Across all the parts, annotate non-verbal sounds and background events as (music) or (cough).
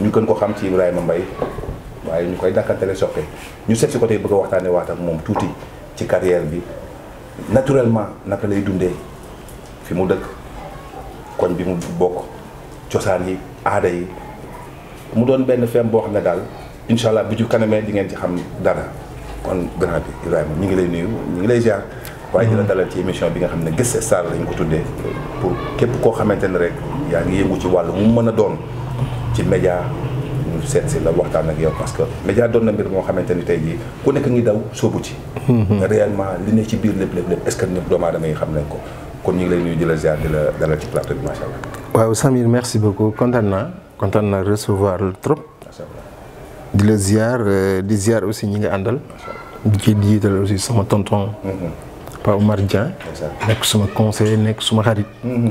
ñu gën ko xam ci Ibrahima mbay waaye ñu koy dàkkantale soppe ñu seet si ko tey bëgg waxtaane waxtaanee waat moom tuuti ci carrière bi naturellement naka lay dundee fi mu dëkk koñ bi mu bokk cosaan yi aada yi mu doon benn fem boo xam ne daal incha allah bu ci kanamee di ngeen ci xam dara kon grand bi Ibrahima ñu ngi lay nuyu ñu ngi lay ziar. waaye dina mm-hmm. dalal ci émission bi nga xam ne Guest Stars lañ ko tuddee pour képp koo xamante ne rek yaa ngi yëngu ci wàllu mu mën a doon. ci média ñu seet si la waxtaan ak yow parce que média doon na mbir moo xamante ni tey jii ku nekk ngi daw soobu ci. Mhm. réellement li ne ci biir lépp lépp lépp est ce que ñëpp doomu aadama yi xam nañ ko kon ñu ngi lay nuyu di la ziar di la dalal ci plateau bi macha allah. waaw Samir merci beaucoup content naa content naa recevoir trop. di la ziar euh, di ziar aussi ñi nga àndal. di ci jiital aussi sama tonton. Mhm. pa Omar Dia. nekk suma conseiller nekk suma xarit. Mhm.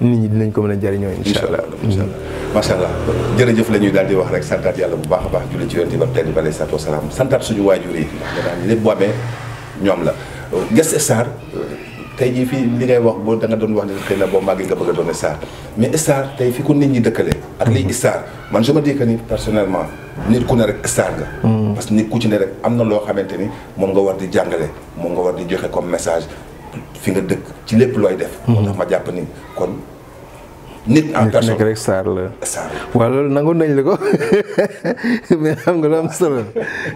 nit ñi dinañ ko mën a jëriñoo incha allah incha allah macha allah jërëjëf la ñuy daal di wax rek santaat yàlla bu baax a baax julli ci yonent ba tedd bi alayhi salaatu wasalaam santaat suñu waajur yi ndax danaa lépp bu amee ñoom la Guest Star tey jii fii li ngay wax boo da doon wax ne xëy na boo màggee nga bëgg a doon star mais star tey fi ko nit ñi dëkkale ak liy star man su ma dis que ni personnellement nit ku ne rek star nga mm. parce que nit ku ci ne rek am na loo xamante ni moom nga war di jàngale moom nga war di joxe comme message fi nga dëkk ci lépp looy def. Mhm. moo tax ma jàpp ni kon. nit en nekk rek saar la. saar la loolu nangul nañ la ko (laughs) mais xam nga lu am solo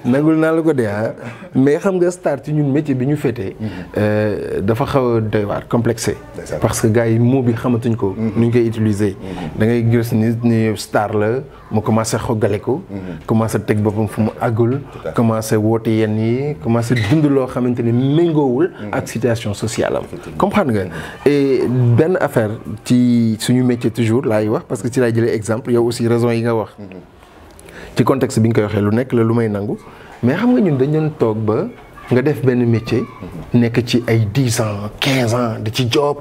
nangul naa la ko dee ah. mais xam nga star ci ñun métier bi ñu féetee. Mhm. Euh, dafa xaw a doy waar complexé. parce que gars yi mot bi xamatuñ ko. Mhm. nu ñu koy utiliser. da ngay ni star la. Je commence mhm. à commence à faire des choses, je commence yenn yi mhm. situation sociale comprendre mhm. et à affaire ci nous métier toujours parce que ci exemple a aussi raison yi nga wax. ci contexte koy mais xam nga ñun ba nga métier. ans 15 ans de job.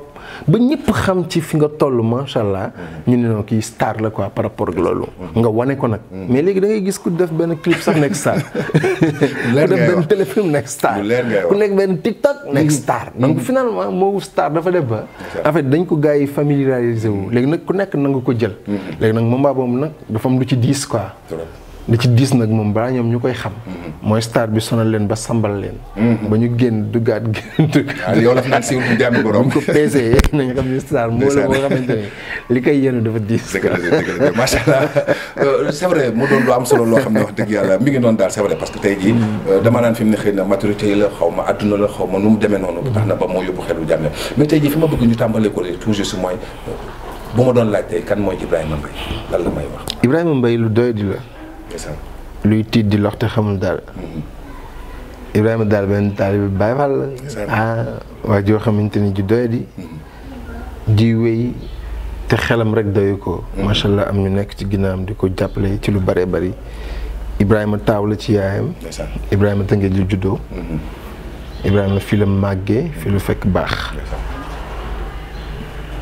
ba ñëpp xam ci fi nga toll macha allah ñu ne noonu kii star la quoi par rapport ak loolu. nga wane ko nag. mais léegi da ngay gis ku def benn clip sax nekk star. (laughs) ku def benn téléfilm nekk star. nekk benn TikTok nekk star. Mm-hmm. donc mm-hmm. finalement moo star dafa def ba. en dañ ko gars yi familiarisé wu léegi nag ku nekk na nga ko jël. Mm-hmm. léegi nag moment boobu nag dafa am lu ci diis quoi. lu ci diis nag moom baa ñoom ñu koy xam. mooy star bi sonal leen ba sambal leen. Mhm. ba ñu génn duggaat génn duggaat. yow la fi naan siiwul di am borom. bu ko peesee nañu xam ni star moo la koy yéen dafa diis. la dëgg la macha allah (laughs) euh, am solo loo xam ne wax dëgg yàlla mi ngi noonu daal c'est parce que tey jii. Mhm. Euh, dama naan fi mu ne xëy na maturité yi la xaw ma adduna la xaw ma nu mu demee noonu. ba tax na ba moo yóbbu xelu jàmm mais tey jii fi ma bëgg ñu tàmbalee ko toujours si mooy euh, bu ma doon laaj tey kan mooy Ibrahima Mbaye lan la may wax. Ibrahima Mbaye lu doy di luy tiit di lox te xamul dara Ibrahima daal benn taalibe Baay Faal la ah waa joo xamante ni ju doy di di wéy te xelam rek doyu ko macha allah am ñu nekk ci ginnaawam di ko jàppale ci lu bare bari Ibrahima taaw la ci yaayam Ibrahima tëngee ju juddoo Ibrahima fi la màggee fi la fekk baax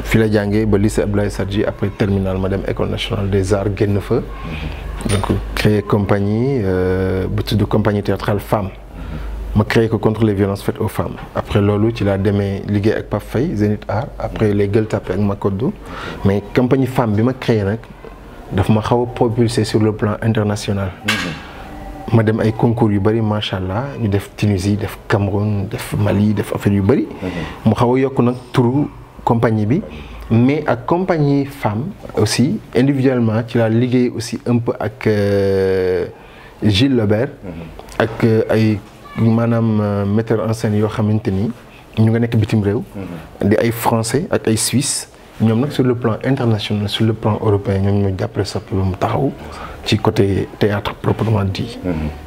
fi la jàngee ba lycée Abdoulaye Sadji après terminal ma dem école nationale des arts génn fa donc créé compagnie euh, bu de compagnie théâtrale femme ma créé contre les violences faites aux femmes après Lolo, ci la demain, avec avec Pape Faye Zénith Art après les gueules tapé avec Makodou. mais compagnie femme bi ma créé nag daf ma propulsé sur le plan international mhm. ma suis ay concours yu bëri Machallah. Tunisie def Cameroun def Mali def affaire yu bëri mhm. mu xaw a yokk tour compagnie mais accompagner femmes aussi individuellement tu l'as lié aussi un peu avec euh, Gilles Lebert mm-hmm. avec euh, ay euh, metteur en scène yo xamante ñu nga mm-hmm. français ak ay suisse Nous sommes sur le plan international sur le plan européen Nous ñu jappé ça pour mu taxaw ci côté théâtre proprement dit mm-hmm.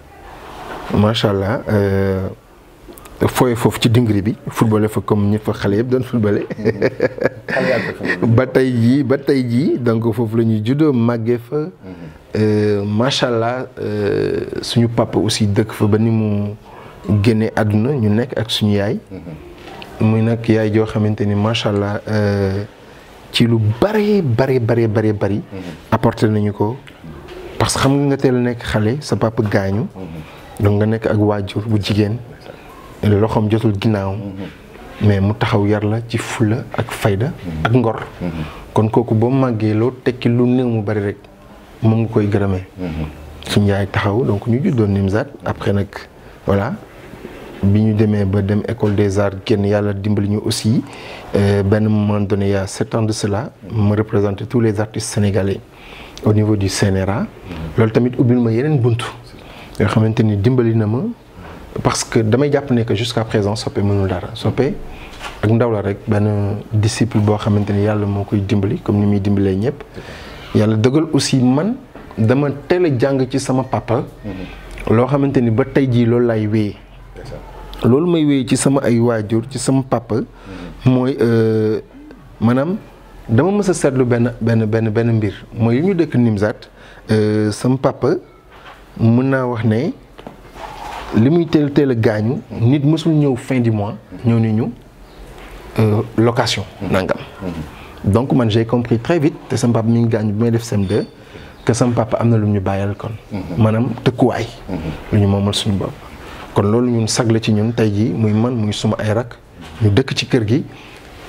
macha allah euh, fooye foofu ci dingri bi footballé fa comme ñëpp fa xale yëpp doon footballé (laughs) ba tey jii ba tey jii donc foofu la ñuy juddoo màggee fa mhm. euh, macha allah euh, suñu papa aussi dëkk fa ba ni mu génnee àdduna ñu nekk ak suñu yaay mhm. muy nag yaay joo xamante ni macha allah ci lu bare bare bare bare bari mhm. apporté nañu ko parce que xam nga nga teel nekk xale sa papa gaañu donc on nekk ak waajur bu jigéen loxoom jotul ginnaaw mhm. mais mu taxaw yar la ci fula ak fayda mhm. ak ngor mhm. kon kooku boo màggee loo tekki lu néew mu bari rek moom nga koy gërëmee suñ yaay taxaw donc ñu juddoon Nimzat, après Nak, voilà bi ñu demee ba dem école des arts génn la dimbali ñu aussi ben, moment donné il y a sept ans de cela me représenté tous les artistes sénégalais au niveau du CNRA loolu tamit ubbil ma yeneen bunt nga xamante ni dimbali na ma parce que damay jàpp ne que jusqu'à présent soppe mënul dara soppe ak ndaw la rek benn disciple boo xamante ni yàlla moo koy dimbali comme ni muy dimbalee ñëpp yàlla dëggal aussi man dama teel a jàng ci sama papa mhm. loo xamante ni ba tey jii loolu laay wéyee loolu may wéyee ci sama ay waajur ci sama papa mhm. mooy euh, maanaam dama mës a seetlu benn benn benn benn mbir mooy yu ñu dëkk Nimzaat euh, sama papa mën naa wax né limuy muy teel teel a nit mësul ñëw fin du mois ñëw ni ñu euh, location nangam donc man j'ai compris très vite que sama papa mi ngi bu bi may def CM2 que sama papa amna na lu ñu bàyyal kon maanaam tëkkuwaay lu ñu moomal suñu bop kon lolu ñun sag ci ñun tay ji muy man muy suma ay rak ñu dëkk ci kër gi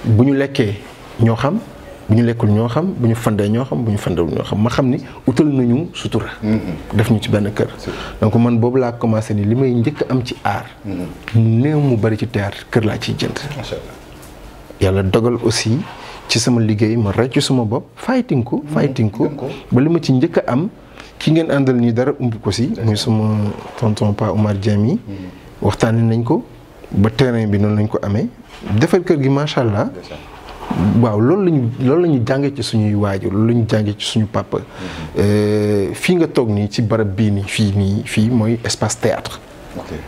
bu ñu lekkee ñoo xam bu ñu lekkul ñoo xam bu ñu fandee ñoo xam bu ñu fandewul ñoo xam ma xam ni utal nañu sutura. Mm-hmm. def ñu ci benn kër. donc man boobu laa commencé ni li may njëkk am ci aar. Mm-hmm. néew mu bari ci théâtre kër laa ci jënd. yàlla dogal aussi ci sama liggéey ma rëcc suma bopp fighting ko. Mm-hmm. fighting ko ba li ma ci njëkk a am ki ngeen àndal nii dara umb ko si. muy suma tonton Pa Omar Diam yi nañ ko ba terrain bi noonu lañ ko amee. defal kër gi macha allah. waaw lool lañu la ñu jàngee ci suñuy waajur loolu la ñu jàngee ci suñu papa. Euh, fii nga toog nii ci barab bii nii fii nii fii mooy espace théâtre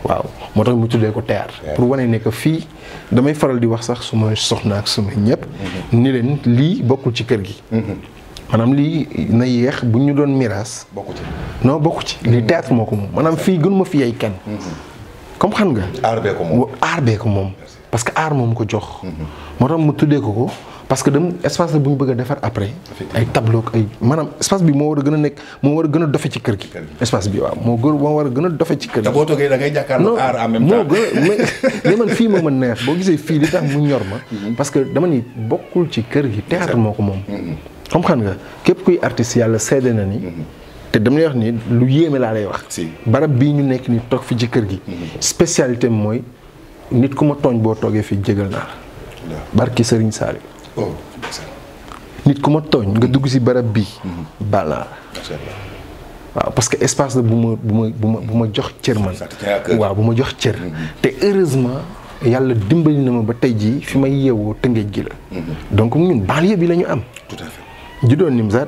waaw moo tax mu tuddee ko théâtre pour wane ne fii damay faral di wax sax suma soxna ak suma ñëpp. Mhm. ni leen lii bokkul ci kër gi. Mhm. maanaam lii na yéex bu ñu doon miraas. bokku ci non ci. lii mhm. théâtre moo ko moom maanaam fii gënuma fi yey kenn. comme xam nga. aar bee ko moom aar ko moom. parce que aar moom ko jox. Mhm. moo tax mu tuddee ko ko parce que dem espace la bëgg defar après. ay maanaam espace bi moo war gën a nekk moo war a gën a dofe ci kër gi. espace bi waaw moo gën moo war a gën a dofe ci kër gi. te boo toogee da ngay jàkkaarloo aar en même temps. moo gën a (laughs) man fii ma boo gisee fii li tax mu ñor ma. Mhm. parce que dama ni bokkul ci kër gi. théâtre moo ko moom. Mhm. comme xam nga képp kuy artiste yàlla seede na ni. te dama lay wax ni lu yéeme laa lay wax. barab bii ñu nekk ni toog fi ci kër gi. Mhm. spécialité mooy nit ku ma tooñ boo toogee fii jégal naa la. barki sëriñ Saliou. Oh, nit ku ma tooñ nga mhm. dugg si barab bi mhm. baal la. waaw parce que espace la bu ma bu ma bu ma bu ma jox cër man. waaw bu ma jox cër. te heureusement. yàlla dimbali na ma ba tey jii fi may yeewoo tëngéej gi la. donc ñun banlieue bi la ñu am. ju doon Nimzaat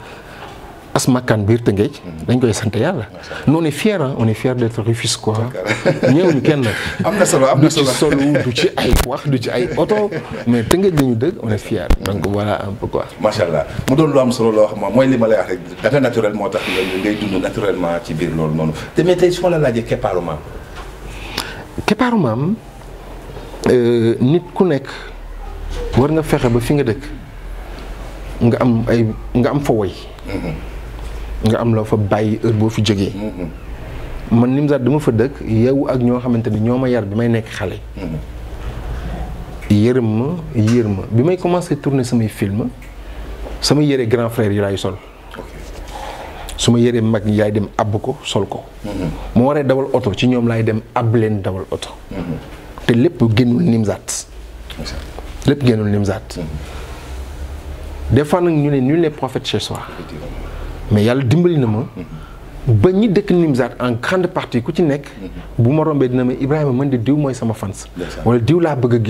as makkan biir Tëngéej. dañ koy sant yàlla. macha on est fier on est fier d' être ñëw ñu kenn. am na solo am na solo du ci solo du ci ay wax du ci ay oto mais Tëngéej la ñu dëgg on est fier donc voilà un peu quoi. macha lu am solo loo xam mooy li ma lay wax rek da naturel moo tax ngay dund naturellement ci biir loolu noonu te mais tey su ma la laajee keppaaru maam. keppaaru maam euh, nit ku nekk war nga fexe ba fi nga dëkk nga am ay nga am fa woy mhm. nga am la fa je mm-hmm. man Nimzatt dama fa dëkk yow ak ño xamanteni je ma yar bi may nek xalé mm-hmm. yërëm bi may commencé tourner sama film sama grand frère yi lay sol. ma mag yaay dem ko sol ko. mo mm-hmm. waré dawal auto ci dem dawal te des fois ñu né ñu chez soi mais yalla dimbali na ma ba ñi nimzat en grande partie ku ci nek bu ma dina ma Ibrahima man de diw moy sama fans wala diw la bëgg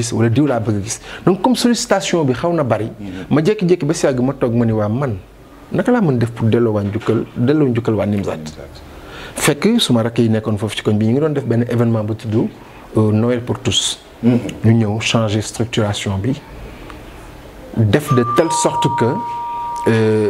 donc comme sollicitation bi xawna bari ma de jékki ba si ma tok ni man naka la mën def pour y un wa nimzat fekk suma def événement bu euh, Noël pour tous mhm. ñu ñëw changer structuration bi de telle sorte que euh,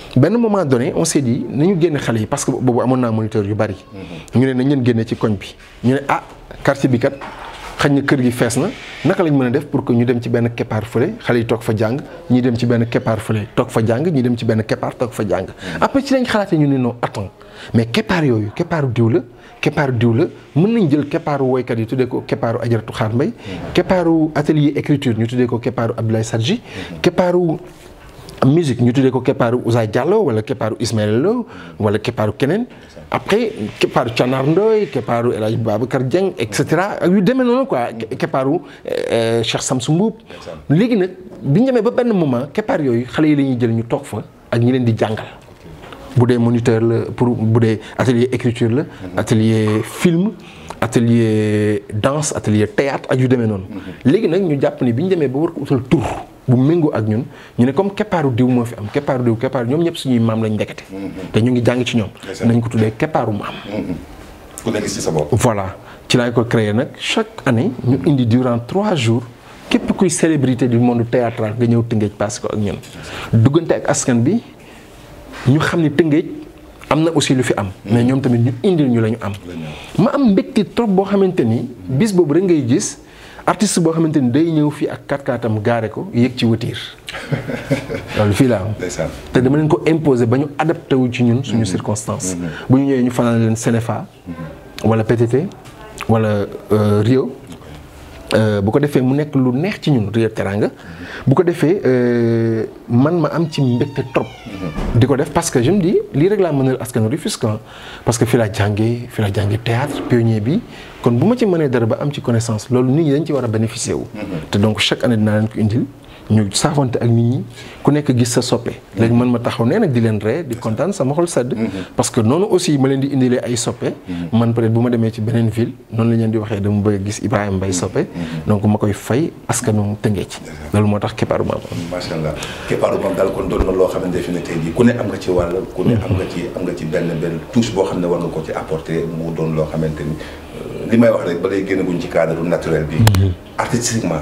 un moment donné on s'est dit nous génne les parce que on a un moniteur yu bari. nous mhm. ne nañ leen génne ci koñ bi ñu ah quartier bi kat nous na kër gi nous na nous lañ pour que ñu dem ci Nous keppaar fële xale yi nous nous jàng ñi dem ci benn nous devons nous fa jàng ñi dem ci nous fa Nous mhm. après ci lañ xalaatee ñu nous non attends mais keppaar yooyu Nous diw nous keppaaru diw la Nous ouais nous keppaaru woykat yi Nous ko nous nous mbay mhm. atelier écriture ñu nous ko nous Abdoulaye Sadji musique ñu tuddee ko keppaaru Ousay Diallo wala keppaaru Ismaël Lo wala keppaaru Kenen après keppaaru Canar Ndoy keppaaru El Hadj Babacar Dieng etc cetera yu demee noonu quoi keppaaru euh, Cheikh Samsou Mbuub léegi nag bi ñu demee ba benn moment keppaar yooyu xalé yi la jël ñu tok fa ak ñi leen di jangal bu moniteur le pour bu atelier écriture le mhm. atelier film atelier danse atelier théâtre ak yu démé non mhm. légui nak ñu japp ni biñu démé ba war ko utal tur bu méngoo ak ñun ñu ne comme keppaaru diw moo fi am keppaaru diw keppaaru ñoom ñëpp suñuy maam lañ ndekete mm-hmm. te ñu ngi jàng ci ñoom nañ ko tuddee keppaaru maam mm-hmm. ku nekk ci sa bopp voilà ci laay ko créer nag chaque année ñu indi durant trois jours képp kuy célébrité du monde théâtral nga ñëw Tëngéej paase ko ak ñun duggante ak askan bi ñu xam ne Tëngéej am na aussi lu fi am mm-hmm. mais ñoom tamit ñu indil ñu la ñu am ma am mbégte trop boo xamante ni bis boobu rek ngay gis artiste boo xamante ni day ñëw fii ak katkatam gaare ko yéeg ci watiir (laughs) loolu fii laa te dama leen ko imposer ba ñu adapté wu ci ñun suñu mm-hmm. circonstance mm-hmm. bu ñu ñëwee ñu fanaan leen Sénéfa mm-hmm. wala PTT walla euh, Rio Euh, bu ko defee mu nek lu neex ci ñun Rieer teranga bu ko defee euh, man ma am ci mbégte trop. diko def parce que je me dis li rek la mënal askan Rufisque hein. parce que fi la jàngee fi la jàngee théâtre pionnier bi kon bu ma ci mënee dara ba am ci connaissance lolu nit ñi dañ ci wara bénéficier wu. Mm-hmm. te donc chaque année dinaa leen ko indil. ñu saafante ak nit ñi ku nekk gis sa soppe léegi man ma taxaw nee nag di leen ree di kontaan sama xol sedd mhm. parce que noonu aussi ma leen di indilee ay soppe mhm. man peut-être bu ma demee ci beneen ville noonu la leen di waxee dama bëgg a gis Ibrahima Mbaye mhm. soppe donc ma koy fay askanu tëngee ci loolu moo tax keppaaru maam macha allah keppaaru maam daal kon doon loo xamante fi ne tey jii ku ne am nga ci wàll ku ne am nga ci nga ci benn benn touche boo xam ne war nga ko ci apporter mu doon loo xamante ni euh, li may wax rek ba lay génn guñ ci cadre naturel bi artistiquement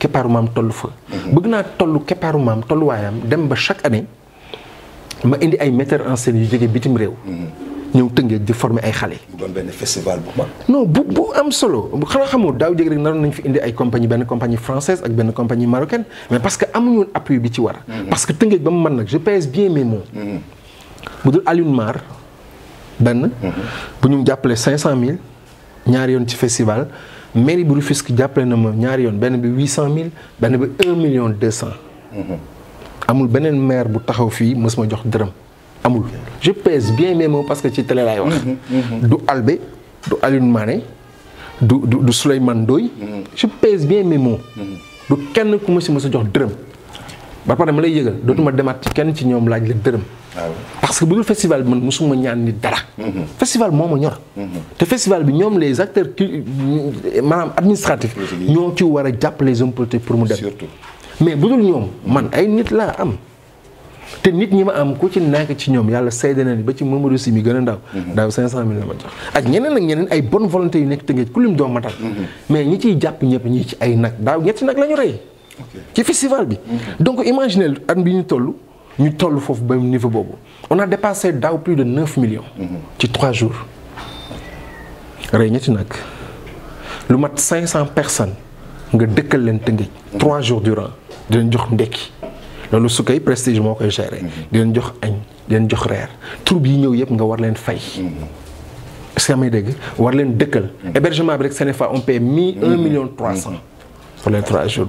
keppaaru maam toll fa. Mhm. bëgg naa toll keppaaru maam tolluwaayam dem ba chaque année ma indi ay metteur en scène yu jege bitim réew. Mhm. ñëw tëngeej di former ay xale. doon benn festival bu mag. bu bu am solo xanaa xamul daaw jéeg rek naroon nañ fi indi ay compagnie benn compagnie française ak benn compagnie marocaine mais parce que amuñu woon appui bi ci war. Mhm. parce que tëngeej ba mu man nag je pèse bien mes mots. bu dul Alioune Mar benn. bu ñu cent 500000 ñaari yoon ci festival. mairie bu Rufisque jàppale na ma ñaar yoon ben bi huit cent mille bi un million deux cent. amul benen maire bu taxaw fi mës ma jox dërëm amul. je pèse bien mes mots parce que ci télé lay wax. -hmm. du Albé du Alioune Mané du du du Souleymane Ndoye. Mhm. je pèse bien mes mots. -hmm. du kenn ku ma si mës a jox dërëm. ba pare ma lay yëgal dootuma demaat ci kenn ci ñoom laaj la dërëm. parce que bu dul festival bi man mosuma ñaan ni dara. Mhm. festival moo ma ñor. Mhm. te festival bi ñoom les acteurs qui maanaam administratif. ñoo ci war a jàpp les hommes pour mu dem. surtout mais bu dul ñoom man ay nit laa am. te nit ñi ma am ku ci nekk ci ñoom yàlla sayda na ni ba ci Mamadou mi gën a ndaw. Mhm. daaw 500000 la ñeneen ñeneen ay bonne volonté yu nekk tënkee ku mais ñi ciy jàpp ñëpp ñi ci ay nag daaw ñetti nag la ñu rey. ci festival donc imaginez bi on a dépassé plus de 9 millions. ci trois jours. Nous avons personnes nga dekkal leen trois jours durant di leen jox prestige di jox di jox troupe yi nga war fay. on paie 1 mm-hmm. million mm-hmm. pour les trois jours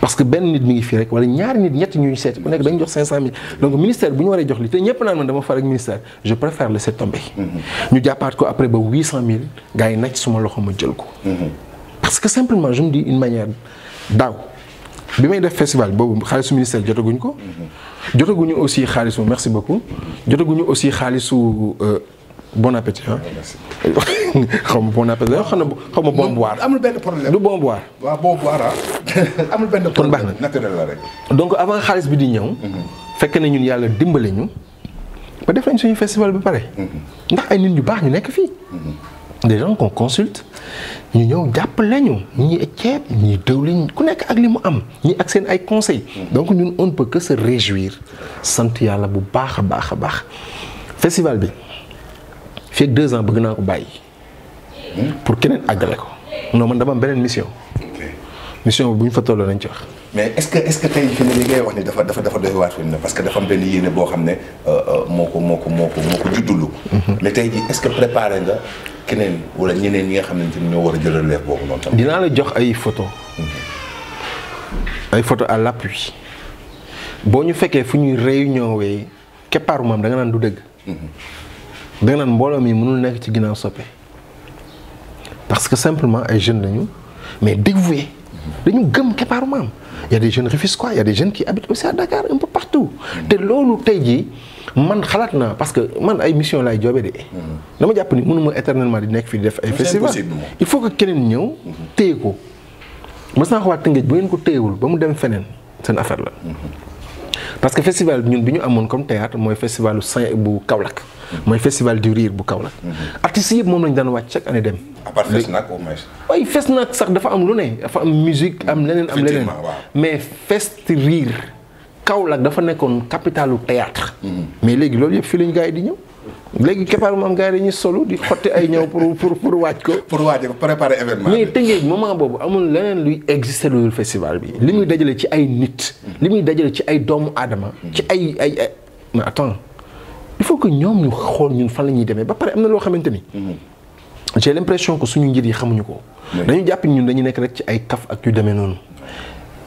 parce que ben nit mi ngi fii rek wala ñaar nit ñet ñuy sét ku nekk dañu jox 500000 donc ministère bu ñu waree jox li té ñepp naan man dama far ak ministère je préfère laisser tomber. Mhm. ñu jàppaat ko après ba 800000 gars yi ci suma loxo ma jël ko. Mhm. parce que simplement je me dis une manière daw bi may def festival bobu xaalisu ministère jotaguñ ko. Mhm. jotaguñu aussi xaalisu merci beaucoup. jotaguñu aussi xaalisu. Euh, bon appétit hein (laughs) xaw bon appétit xaw bon boire. amul ben problème du bon boire. bon boire hein. (laughs) amul benn kon baax na naturel la rek. donc avant xaalis bi di ñew mhm. fekk na ñun Yalla dimbalé ñu. ba def nañ suñu festival bi paré mhm. ndax ay nit ñu bax ñu nekk fi mhm. des gens qu'on consulte ñu ñew jappalé ñu ñi ciép ñi dëwlin ku nekk ak li mu am ñi ak seen ay conseils. donc ñun on ne peut que se réjouir sant Yalla bu baax a baax baax. festival bi fii 2 ans bëgg na ko bàyyi. Hmm? pour kenen àggale ko. non man dama benen mission mission bu ñu fa tolloo lañ ci wax. mais est-ce que est-ce que tey fi ne li ngay wax ni dafa dafa dafa doy waat fi parce que dafa am benn yéene bo xam euh, euh moo moko moko moko moo juddulu mhm. mais tey jii est-ce que préparé nga keneen wala ñeneen yi nga xam ne ñoo wara a jël relève boobu noonu tam. dinaa la jox ay photo mhm. ay photo à l'appui bo ñu fekkee fu ñuy réunion wee keppaaru maam da nga nan du deug mhm. da nga nan mbooloo mi mënul nekk ci ginaaw soppe parce que simplement ay jeune lañu mais dévoués. dañu gëm keppaaru maam y a des jeunes Rufisquois y a des jeunes qui habitent aussi à Dakar partout te loolu tey jii man xalaat naa parce que man ay mission laay joobee de dama jàpp ni mënuma éternellement di nekk fii di def ay festival il faut que keneen ñëw téye ko mës naa xawaat Tëngéej bu ngeen ko téyewul ba mu dem feneen seen affaire la mhm. parce que festival ñun bi ñu amoon comme théâtre mooy festivalu Saint bu Kaolack mooy festival du rire bu Kaolack. Mhm. artistes yëpp moom lañ daan wàcc chaque année dem. à part Fesnac au moins. oui Fesnac sax dafa am lu ne dafa am musique am leneen am leneen. mais fest rire Kaolack dafa nekkoon capitalu théâtre mhm. mais léegi loolu yëpp fii lañ gars yi di ñëw. léegi keppaar maam gars yi solo di xotti ay ñëw pour pour pour waaj pour waaj ko préparer événement mais Tëngéej moment boobu amul leneen luy exister loolu festival bi. li muy dajale ci ay nit. li muy dajale ci ay doomu aadama. ci ay ay ay mais attends. il faut que ñom ñu xol ñun fan lañuy démé ba paré amna lo xamanteni mhm. j'ai l'impression que suñu njiit yi xamuñu ko. dañu japp ñun dañu nek rek ci ay kaf ak yu démé non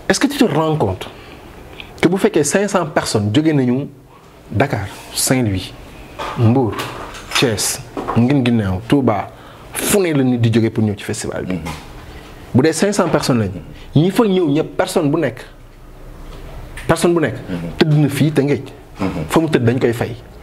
est-ce que tu te rends compte que bu féké 500 personnes jóge nañu Dakar Saint-Louis Mbour Thiès Ngin Ginnaaw Touba fune ne la nit di jóge pour ñëw ci festival bi. Mhm. bu dé 500 personnes lañ ñi fa ñëw ñëpp personne bu nek personne bu nek mhm. tëdd na fi te ngeej famu teud dañ koy fay.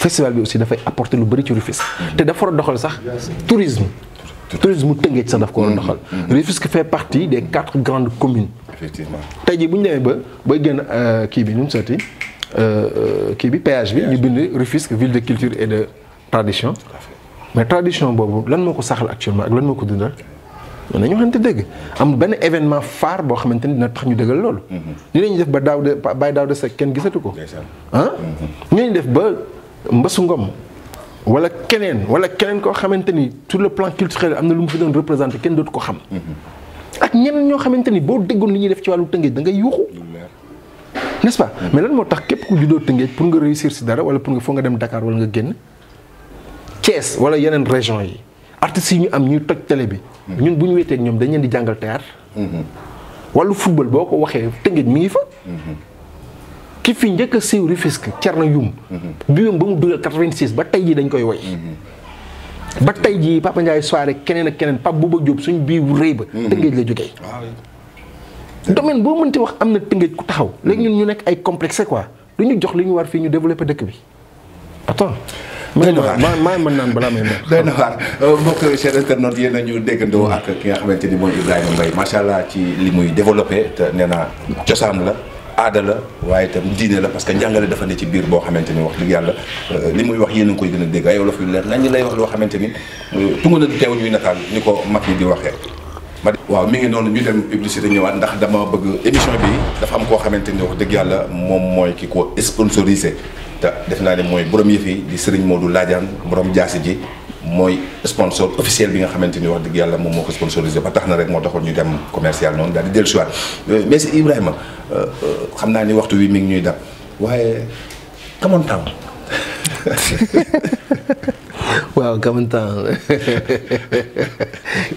festival bi aussi da fay apporter lu bari ci Rufisque té da war doxal sax tourisme tourisme Tëngéej sax daf ko war a mm. doxal Rufisque fait partie des quatre grandes communes effectivement tay jii buñu ñu ba bay génn euh, kii bi ñun mu euh, euh kii bi péage bi ñu bind Rufisque ville de culture et de tradition mais tradition bobu lan moko saxal actuellement ak lan moko ko dundal nañu xanté dëgg am ben événement phare bo xamanteni ni dina tax ñu dëggal loolu ñu mm-hmm. lañu def ba daaw de bàyyi daaw de sa kenn gisatu ko hein mm-hmm. ñu def ba Mbassou Ngom wala keneen wala keneen koo xamante ni sur le plan culturel am na lu mu fi doon représenté kenn dootu ko xam. Mm-hmm. ak ñeneen ñoo xamante ni boo déggoon li ñuy def ci wàllu tëngéej da ngay yuuxu. n'est-ce pas mm-hmm. mais lan moo tax képp ku juddoo tëngéej pour nga réussir si dara wala pour nga foo nga dem Dakar wala nga génn. Thiès wala yeneen région yi artistes yi ñu am ñuy toj tele bi. Mm-hmm. ñun bu ñu wéetee ñoom dañ leen di jàngal théâtre. wàllu football boo ko waxee tëngéej mi ngi fa. ki fi njëkk a cer na Thierno mhm. bi biwam ba mu dugal 86 ba tey jii dañ koy woy. Mhm. ba tey jii Papa Ndiaye soirée keneen ak keneen Pape Bouba Diop suñ bii rëy ba. Mhm. tëngéej la jógee. domaine boo mënti wax am na tëngéej ku taxaw. léegi ñun ñu nekk ay complexe quoi du ñu jox li ñu war fii ñu développé dëkk bi. attends. doy na waar maa mën naan balaa may mën. doy na waar euh, mbokk chers internautes yéen a ñu déggandoo ak ki nga xamante ni mooy Ibrahima Mbaye macha allah ci li muy développé nee naa cosaan la. aadala la waaye itam diine la parce que njàngale dafa ne ci biir boo xamante ni wax dëgg yàlla euh, li muy wax yéen a koy gën a dégg ay wolof yu leer nañ ñi lay wax loo xamante ni euh, tungu na teew ñuy nataal ni ko mag yi di waxee waaw mi ngi noonu ñu dem publicité ñëwaat ndax dama bëgg émission bi dafa am koo xamante ni wax dëgg yàlla moom mooy ki ko sponsorisé te def naa ne mooy borom yëf yi di Serigne Modou Ladiane borom jaasi ji mooy sponsor officiel bi nga xamante ni wax dëgg yàlla moom moo ko sponsorisé ba tax na rek moo taxoon ñu dem commercial noonu daal di dellusiwaat euh, mais si Ibrahima euh, euh, xam naa ni waxtu wi mi ngi ñuy dab waaye amoon temps (laughs) waaw kamantaan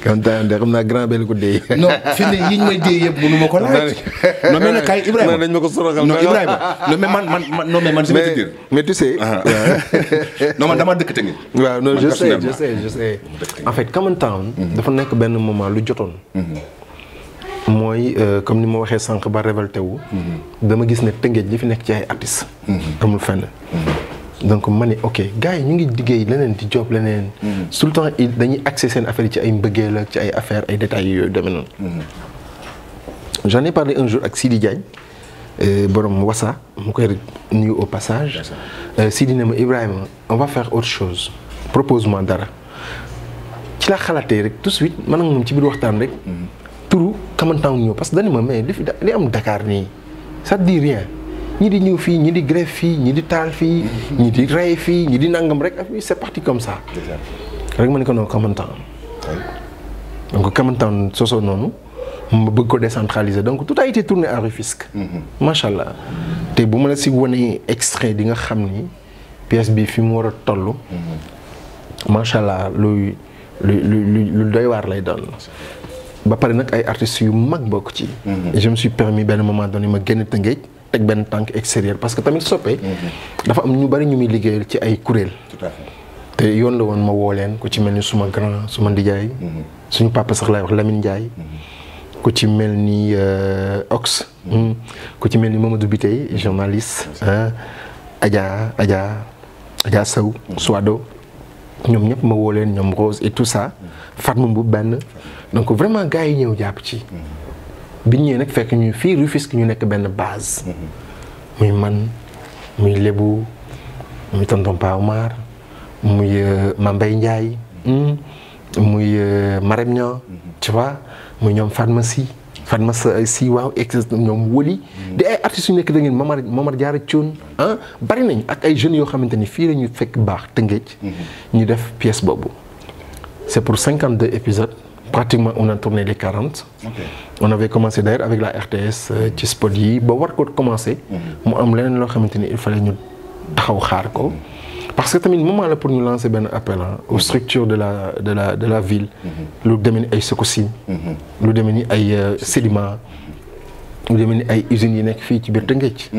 kamantaan de xam naa grand bel ko déy. non fi ne yi ñu may déy yëpp mënu ma ko laaj. non mais nag ma ko man man non mais man. si ma ci biir mais tu sais. Ah. dëkk Tëngéej. waaw non je sais je sais je sais. en fait kamantaan. Mhm. dafa nekk benn moment lu jotoon. Mhm. mooy euh, comme ni ma waxee sànq ba révolté wu. Mhm. dama gis ne Tëngéej li fi nekk ci ay artistes. amul fenn. donc mané ok gars yi ñu ngi diggé lénen di job lénen mhm. tout le temps dañuy accès sen affaire ci ay mbëggeel ak ci ay affaire ay détails yooyu demee noonu. Mhm. j'en ai parlé un jour ak Sidi Diagne euh, borom Wassa mu koy nuyu au passage. Euh, Sidi ne Ibrahim on va faire autre chose propose-moi dara ci la xalaté rek tout de suite man ak moom ci biir waxtan rek. Mhm. turu Kamantaw ñu parce que dañuma mais li am Dakar ni ça dit rien. ñi di ñëw fii ñi di grève fii ñi di taal fii ñi di rey fii ñi di nangam rek c'est parti comme ça rek ma ne ko non Cameroun donc Cameroun sosoo noonu ma bëgg ko décentraliser donc tout ay été tourné à Rufisque mhm. macha allah te bu ma la si wanee extrait di nga xam ni pièce bi fi mu war a tollu mhm. macha allah luy lu lu lu doy waar lay doon ba pare nag ay artist yu mag bokk ci mhm. je me suis permis benn moment donné ma génn Tëngéej teg benn tànk extérieur parce que tamit soppe mhm. dafa am ñu bari ñu muy liggéeyal ci ay kuréel te yoon la woon ma woo leen ku ci mel ni suma grand suma ndijaay mhm. suñu papa sax laay wax Lamine Ndiaye mhm. ku ci mel ni euh, Ox hmm. ku ci mel ni Mamadou Bitey journaliste Adja Adja Adja Sow Suado ñoom ñëpp ma woo leen ñoom Rose et tout ça Fatma bu benn donc vraiment gars yi ñëw jàpp ci biñ ñëwee nag fekk ñu fi Rufisque ñu nekk ben base. muy man muy Lebu muy tonton Pa Omar muy euh, Mambay Ndiaye. Hmm, muy euh, Marème Niang. tu vois muy ñom pharmacie. pharmacie si euh, waaw ex ñom woli di ay artistes yu da ngeen Mamar Mamar Diarra Thion hein, ah bari nañ ak ay jeunes yo xamanteni fi lañu fekk baax Tëngéej. Hmm. ñu def pièce bobu c'est pour 52 épisodes pratiquement on a tourné les 40. On avait commencé d'ailleurs avec la RTS euh, ci spot On a commencé. Mhm. mu am il fallait ñu taxaw xaar ko. Mhm. parce que le moment pour nous lancer un appel hein, aux mhm. structures de la de la de la ville. lu demee ni ay Sococim. lu demee ni ay euh, Sedima. lu des ay usines yi sont fii ci sont Tëngéej.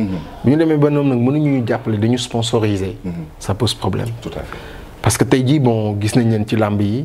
bu ñu demee ba noonu nag mënuñu ñu dañu sponsoriser. ça pose problème. tout parce que tey jii bon gis nañ leen ci làmb yi.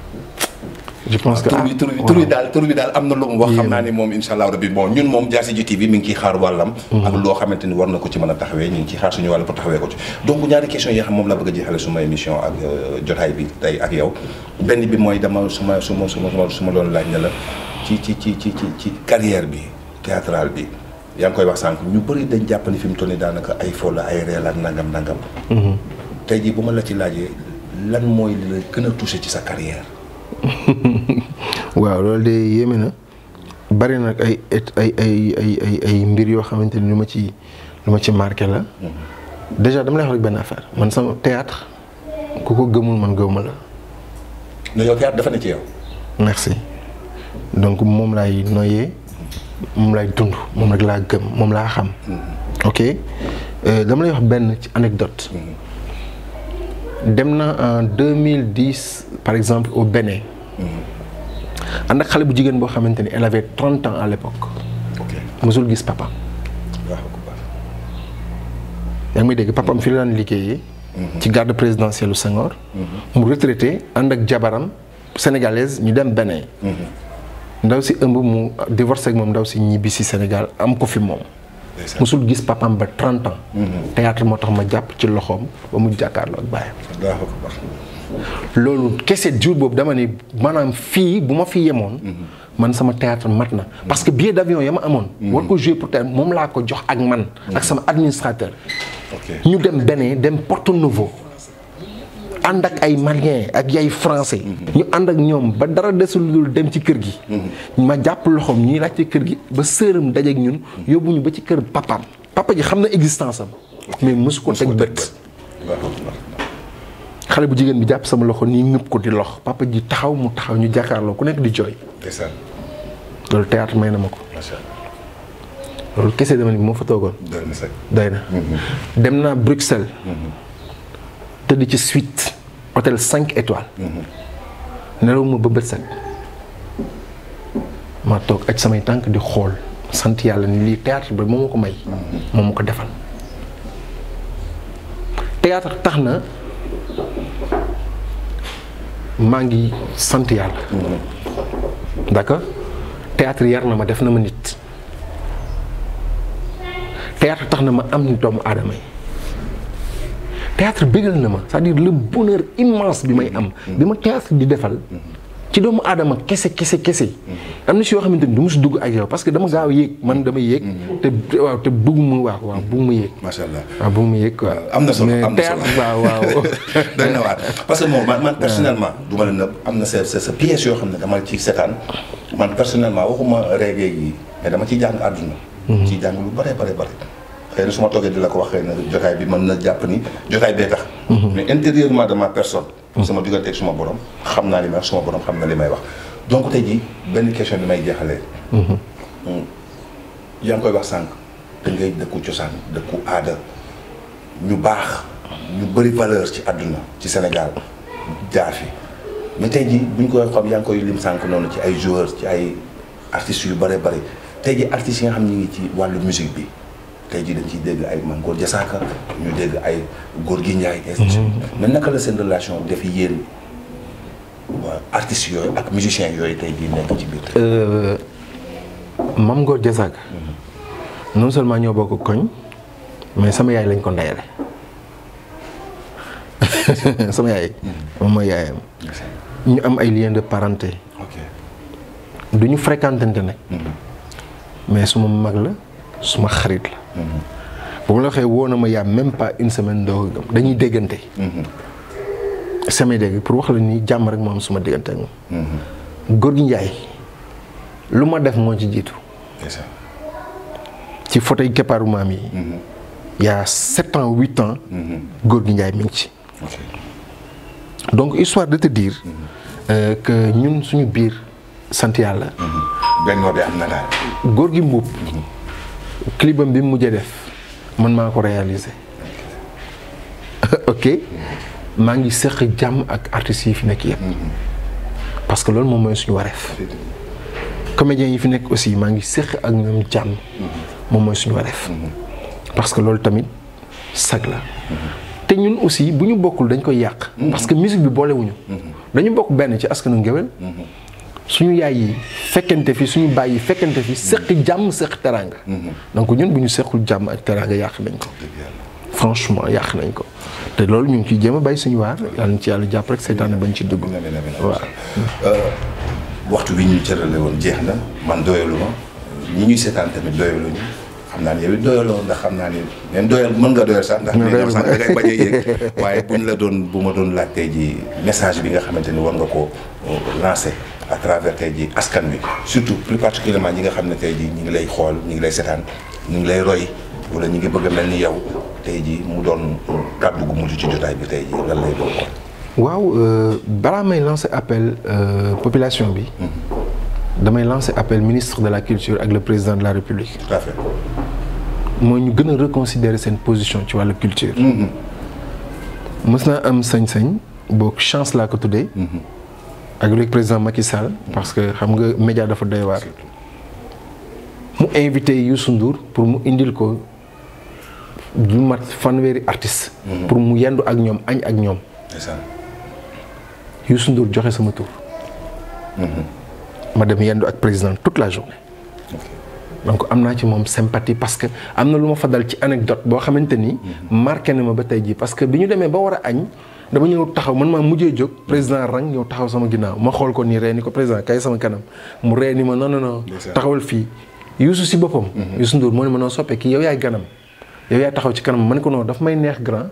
je pense que tur bi ah, tur bi tur bi daal tur bi daal am na lu mu wax xam naa ne moom insha allah rabbi bon ñun moom Diassigui ji TV mi ngi ciy xaar wàllam mhm. ak loo xamante ni war na ko ci mën a taxawee ñu ngi ciy xaar suñu wàll pour taxawee ko ci donc ñaari question yi xam moom la bëgg a jeexale suma émission ak euh, bi ci ci ci ci ci ci carrière bi théâtrale bi yaa ngi koy wax sànq ñu bëri dañ jàpp ni fi mu toll nii daanaka ay fo la ay réel ak nangam nangam mhm. tey bu ma la ci laajee lan mooy gën a touché ci sa carrière (laughs) waaw loolu de yéeme na bari na ay ay ay ay ay mbir yoo xamante ni lu ma ci lu ma ci marqué la mhm. déjà dama lay wax rek benn affaire man sama théâtre ku ko gëmul man gëwuma la. na yow théâtre dafa ne ci yow. merci donc moom laay noyyee moom laay dund moom rek laa gëm moom laa xam. Mhm. ok euh, dama lay wax benn ci anecdote mhm demna en 2010 par exemple au Bénin mm-hmm. bu elle avait 30 ans à l'époque mosul gis papa yaa je may dégg fi la mm-hmm. garde présidentielle Senghor mm-hmm. retraité avait jabaram sénégalaise ñu dem Bénin ndaw si ëmb mu divorcé ak mom ndaw Sénégal am ko musul gis papam ba 30 ans. Mhm. théâtre motax ma japp ci loxom ba mu jàkkaarloo ak baye lolou kessé jur bob dama ni manam fi buma fi yemoon. Mhm. man sama théâtre matna mhm. parce que billet d'avion yama amone amoon. war ko jouer pour théâtre moom laa ko jox ak man. ak sama administrateur. ñu dem benee dem porte nouveau andak ay malien ak yay français mhm. ñu andak ñom ba dara dessul dul dem ci kër gi mhm. ma japp loxom ñi la ci kër gi ba sëram ak ñun yóbbu ba ci kër papa papa ji xamna existence am mais mosu ko teg bët xale bu jigen bi japp sama loxo ni ko di lox papa ji taxaw mu taxaw ñu jakarlo ku nekk di jooy lol théâtre may na ma ko loolu kese dama ni mo fa togon doy na mhm. Demna Bruxelles tëdd ci suite hôtel 5 étoiles. nelaw ma ba bët set ma tok ak samay tank di xol sant yalla ni li théâtre ba momoko may. momoko defal. théâtre taxna mangi sant yalla d'accord théâtre yar na ma def na ma nit. théâtre taxna ma am ni doomu adamay théâtre bégal na ma c'est-à-dire le bi may am bi ma théâtre di defal ci doomu aadama kese kese kese am na si yoo xamante ni du ma si dugg ak yow parce que dama gaaw yéeg man dama yéeg te waaw te bëgg mu waaw mu yéeg macha allah waaw mu yéeg quoi am na solo am na solo (laughs) parce que moom man man personnellement du ma la am na sa sa yoo xam ne dama ci setaan man personnellement waxuma reggae yi mais dama ci jàng àdduna mhm. ciy jàng lu bare bare bare xëy na su toogee di la ko waxee xëy na jotaay bi mën na jàpp ni jotaay bee tax. Mhm. mais intérieurement de ma personne. Mhm. sama diggante ak suma borom xam naa li may wax suma borom xam na li may wax donc tey ji benn question bi may jeexalee. Mhm. Hmm. yaa ngi koy wax sànq da ngay dëkku cosaan dëkku aada ñu baax ñu bëri valeur ci àdduna ci Sénégal jaar fi mais tey jii buñ ñu koy xam yaa ngi koy lim sànq noonu ci ay joueurs ci ay artistes yu bare bare tey jii artistes yi nga xam ñu ci wàllu musique bi. tey jii dañ ciy dégg ay man góor jasaaka ñu dégg ay góor gi Ndiaye. Mhm. mais naka la seen relation def yéen waa yooyu ak musiciens yooyu tey jii nekk ci biir. mam góor jasaaka. non seulement ñoo bokk koñ mais sama yaay lañ ko ndeyale. (laughs) sama yaay. Mhm. moom mooy yaayam. ñu am ay lien de parenté. ok du ñu fréquentante nag. Mhm. mais suma mag la. suma xarit la. bu ma la waxee woo na ma yaa même pas une semaine doo gëm dañuy déggante. samay dégg pour wax la ni jàmm rek moo am suma diggante ak moom. góor gi Njaay lu ma def moo ci jiitu. ci photo yi keppaaru maam yi. y a sept ans huit ans. góor gi Njaay mi ngi ci. donc histoire de te dire. Euh, que ñun suñu biir sant yàlla. benn am na daal. góor gi mbuub. clipam bi mu mujjee def man maa ko réalisé (laughs) ok maa ngi seq jàmm ak artistes yi fi nekk yëpp parce que loolu moom mooy suñu wareef comédiens yi fi nekk aussi maa ngi seq ak ñoom jàmm moom mooy suñu wareef parce que loolu tamit sag la te ñun aussi bu ñu bokkul dañ koy yàq parce que musique bi boolewuñu dañu bokk benn ci askanu ngéwél suñu yaay yi fekkente fi suñu baay yi fekkente fi seqi jàmm seq teraanga. Mhm. donc ñun bu ñu sequl jàmm ak teraanga yàq nañ ko. franchement yàq nañ ko te loolu ñu ngi ciy jéem a bàyyi suñu waar. yàlla ci yàlla jàpp rek seetaan bañ ci dugg. waaw. Euh, waxtu bi ñu cërale woon jeex na man doyalu ma ñi ñuy seetaan tamit doyalu xam naa ne yow it doyaloo xam naa ne même doyal mën nga doyal a yéeg (laughs) waaye buñ la doon bu ma doon laaj ji message bi nga xamante ni war nga ko euh, lancé à travers tey jii askan bi surtout plus particulièrement ñi nga xam ne tey jii ñu ngi lay xool ñu ngi lay setaan ñu ngi lay roy wala ñi ngi bëgg melni yow tey jii mu doon kàddu gu mujj ci jotaay bi tey jii lan lay do xool. waaw euh baramay lancer appel euh population bi. Mhm. damay lancer appel ministre de la culture ak le président de la république. tout à fait. mooy ñu gëna reconsidérer seen position ci wàllu culture. hmm mës naa am sañ-sañ bok chance la ko hmm ak le président Macky Sall parce que xam nga média dafa doy war mu invité Youssou Ndour pour mu indil ko du mat fanwéri artiste mhm. pour mu yendu ak ñom agn ak ñom Youssou Ndour joxe sama tur mhm. ma dem yendu ak président toute la journée donc amna ci mom sympathie parce que amna luma fadal ma ci anecdote bo xamanteni mhm. marqué na ma ba tay ji parce que biñu démé ba wara agn dama ñëw taxaw man maa mujjee jóg président rang ñëw taxaw sama ginnaaw ma xool ko nii ree ni ko président kay sama kanam mu ree ni ma non non non taxawal fii Youssou si boppam mhm. Youssou Ndour moo ne ma noo soppee kii yow yaay ganam yow yaay taxaw ci kanam ma ne ko non daf may neex grand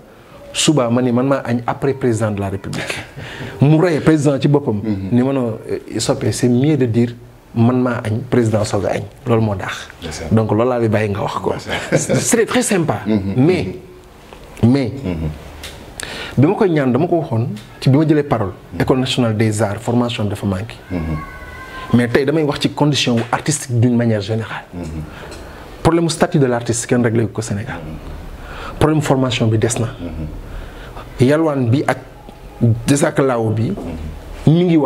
suba ma ni man maa añ après président de la république (laughs) mu rey président ci boppam mhm. ni ma noo eh, soppee c'est mieux de dire man maa añ président soog a añ loolu moo daax donc loolu laa lay bàyyi nga wax ko c'était très sympa mhm. mais mais je je koy ñaan dama ko waxoon ci nationale des arts formation de dafa mm-hmm. mais je damay wax ci condition artistique d'une manière générale. Le mm-hmm. problème du statut de l'artiste qui est réglé au Sénégal. Le problème formation bi formation na. Mm-hmm. yalwaan bi ak desak laaw bi. ni ngi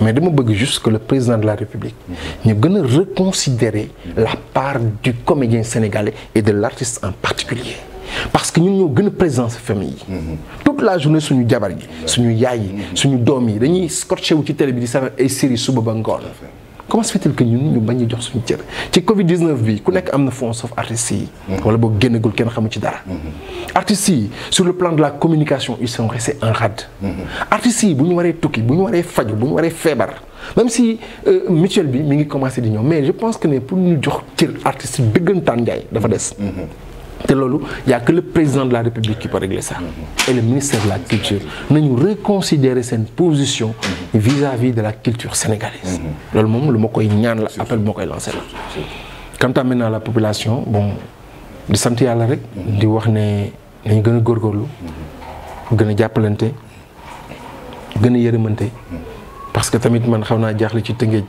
mais je bëgg juste que le président de la République. reconsidérer la part du comédien sénégalais et de l'artiste en particulier parce que nous avons une présence de famille mhm. toute la journée nous jabar yi nous yaay yi nous mhm. sommes scotché wu ci télé de suba comment se fait-il que nous ñu pas jox suñu Covid 19 bi ku que artistes mhm. artistes sur le plan de la communication ils sont restés en rade. artistes si bu ñu waree tukki bu ñu waree faju bu ñu même si euh, Michel bi commencé di mais je pense que ne pour artistes te loolu y a que le président de la république qui peut régler ça et le ministère de la culture nañu reconsidérer cette position vis-à-vis de la culture sénégalaise loolu moom lu ma koy ñaan la appel bu ma koy lancé tu amènes à maintenant la population bon di sant à rek di wax ne nañu gën a góorgóorlu gën a jàppalante gën parce que tamit man xaw naa jaaxle ci Tëngéej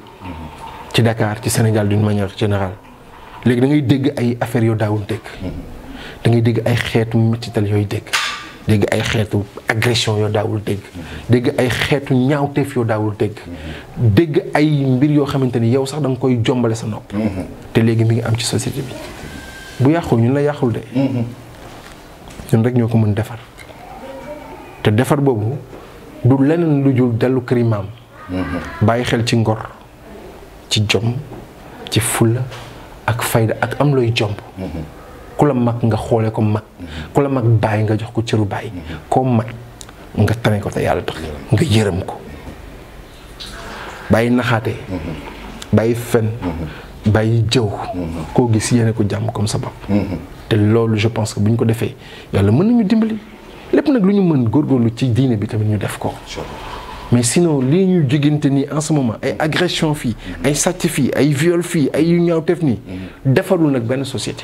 ci Dakar ci Sénégal d'une manière générale Les da ngay dégg ay affaires yoo daawul dégg da dégg ay xeetu métital yooyu dégg dégg ay xeetu agression yoo daawul dégg dégg ay xeetu ñaawteef yoo daawul dégg dégg ay mbir yoo xamante ni yow sax danga koy jombale sa nopp te léegi mi ngi am ci société bi bu yàqul ñu la yàqul de ñun rek ñoo ko mën defar te defar boobu du leneen lu jul dellu këri bàyyi xel ci ngor ci jom ci fulla ak fayda ak am looy jomb kula la mag nga xolé ko mag kula la mag bàyyi nga jox ko ciiru bàyyi ko mag nga tane ko ta yalla tax nga yërëm ko bàyyi naxaté bàyyi fen bàyyi jëw ko gis yene ko jàmm comme sabab te lolu je pense que buñ ko défé yalla mëna ñu dimbali lépp nak lu ñu mën góorgóorlu ci diiné bi tamit ñu def ko mais sinon li ñu jigante ni en ce moment ay agression fi ay sàcc ay viol fi ay ñaw ñaawteef ni defarul nak ben société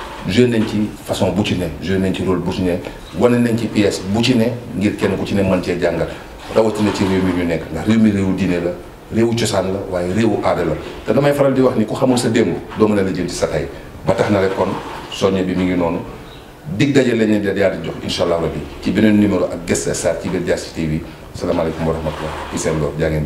joué nañ ci façon bu ci ne joué nañ ci rôle bu ci ne wane nañ ci pièce bu ci ne ngir kenn ku ci ne mën cee jàngal rawatina ci réew mi ñu nekk ndax réew mi réewu diine la réewu cosaan la waaye réewu aada la te damay faral di wax ni ku xamul sa démb doo mën a la ci sa tey ba tax na rek kon bi mi ngi noonu dig daje lañ leen di jox incha allah rabbi ci beneen numéro ak Guest Star ci biir Diassigui TV salaamaaleykum wa rahmatullah Iseen Lo jaa ngeen